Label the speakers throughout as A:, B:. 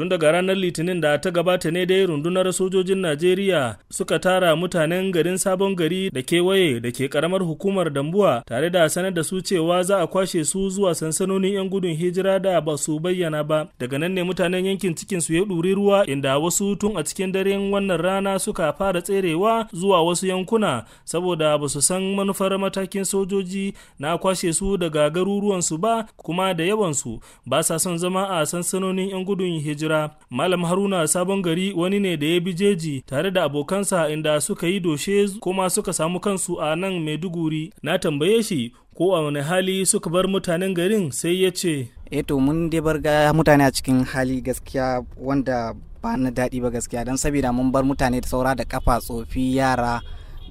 A: tun daga ranar litinin da ta gabata ne dai rundunar sojojin najeriya suka tara mutanen garin sabon gari da kewaye da ke karamar hukumar dambuwa tare da sanar da su cewa za a kwashe su zuwa sansanonin yan gudun hijira da ba su bayyana ba daga nan ne mutanen yankin cikin su ya ɗuri ruwa inda wasu tun a cikin daren wannan rana suka fara tserewa zuwa wasu yankuna saboda ba su san manufar matakin sojoji na kwashe su daga garuruwansu ba kuma da yawansu ba sa son zama a sansanonin yan gudun hijira hijira malam haruna sabon gari wani ne da ya bi jeji tare da abokansa inda suka yi doshe kuma suka samu kansu a nan maiduguri na tambaye shi ko a wani hali suka bar mutanen garin sai ya ce Eto eh mun dai bar
B: ga mutane a cikin hali gaskiya wanda ba na daɗi ba gaskiya don saboda mun bar mutane da saura da kafa tsofi yara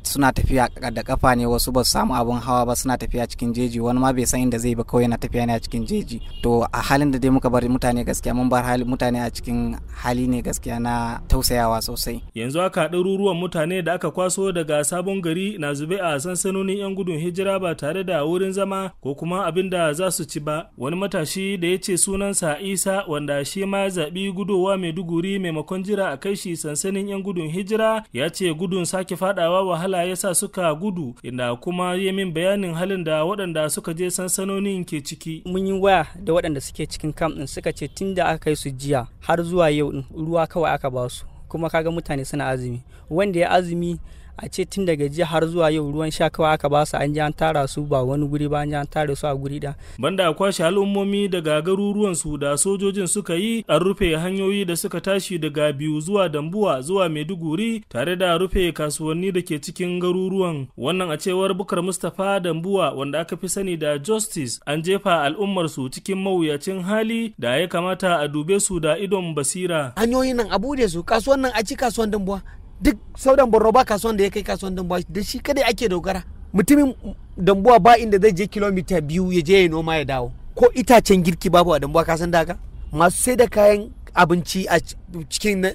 B: suna tafiya da kafa ne wasu ba su samu abin hawa ba suna tafiya cikin jeji wani ma bai san inda zai ba kawai yana tafiya ne a cikin jeji to a halin da dai muka bar mutane gaskiya mun bar mutane a cikin hali ne gaskiya na tausayawa sosai
A: yanzu aka ɗaruruwan mutane da aka kwaso daga sabon gari na zube a sansanonin yan gudun hijira ba tare da wurin zama ko kuma abin da za su ci ba wani matashi da ya ce sunansa isa wanda shi ma zaɓi gudowa duguri maimakon jira a kai shi sansanin yan gudun hijira ya ce gudun sake faɗawa wahala Allah ya sa suka gudu inda kuma ya min bayanin halin da waɗanda suka je sansanonin ke ciki. Mun yi waya da waɗanda suke cikin kam ɗin suka ce tun da aka kai su jiya
C: har zuwa yau ruwa kawai aka ba su kuma kaga mutane suna azumi wanda ya azumi
A: a ce tun daga jiya har zuwa yau ruwan sha kawai aka ba su an ji an tara su ba wani guri ba an ji an tare su a guri da banda a kwashe al'ummomi daga garuruwan su da sojojin suka yi an rufe hanyoyi da suka tashi daga biyu zuwa dambuwa zuwa maiduguri tare da rufe kasuwanni da ke cikin garuruwan wannan a cewar bukar mustapha dambuwa wanda aka fi sani da justice an jefa al'ummar su cikin mawuyacin hali da ya kamata a dube su da idon basira hanyoyin nan a bude su kasuwan nan a ci kasuwan dambuwa duk sauran borno ba kasuwan
C: da ya kai kasuwan dambuwa da shi kadai ake dogara mutumin dambuwa ba inda zai je kilomita biyu ya je ya noma ya dawo ko itacen girki babu a dambuwa kasan daga masu sai da kayan abinci a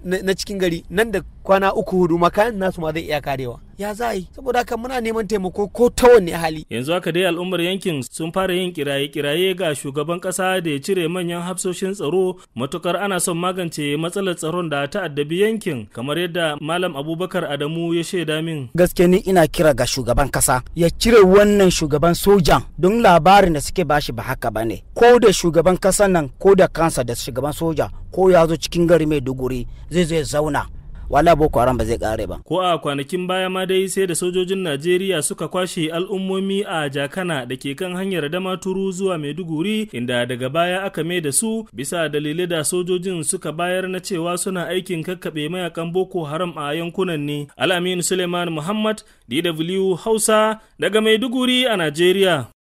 C: na cikin gari nan da kwana uku hudu makayan nasu ma zai iya karewa ya za yi saboda haka muna neman taimako ko ta wanne hali
A: yanzu haka dai al'ummar yankin sun fara yin kiraye-kiraye ga shugaban kasa da ya cire manyan hafsoshin tsaro matukar ana son magance matsalar tsaron da ta addabi yankin kamar yadda malam abubakar adamu ya shaida min
C: gaske ni ina kira ga shugaban kasa ya cire wannan shugaban sojan don labarin da suke bashi ba haka bane ko da shugaban kasa nan ko da kansa da shugaban soja ko ya zo cikin gari mai maiduguri zai zo zauna wala boko haram ba zai kare ba
A: ko a kwanakin baya ma dai sai da sojojin najeriya suka kwashe al'ummomi a jakana da ke kan hanyar damaturu zuwa maiduguri inda daga baya aka mai da su bisa dalilai da sojojin suka bayar na cewa suna aikin kakkaɓe mayakan boko haram a yankunan ne al'aminu suleiman muhammad dw hausa daga maiduguri a najeriya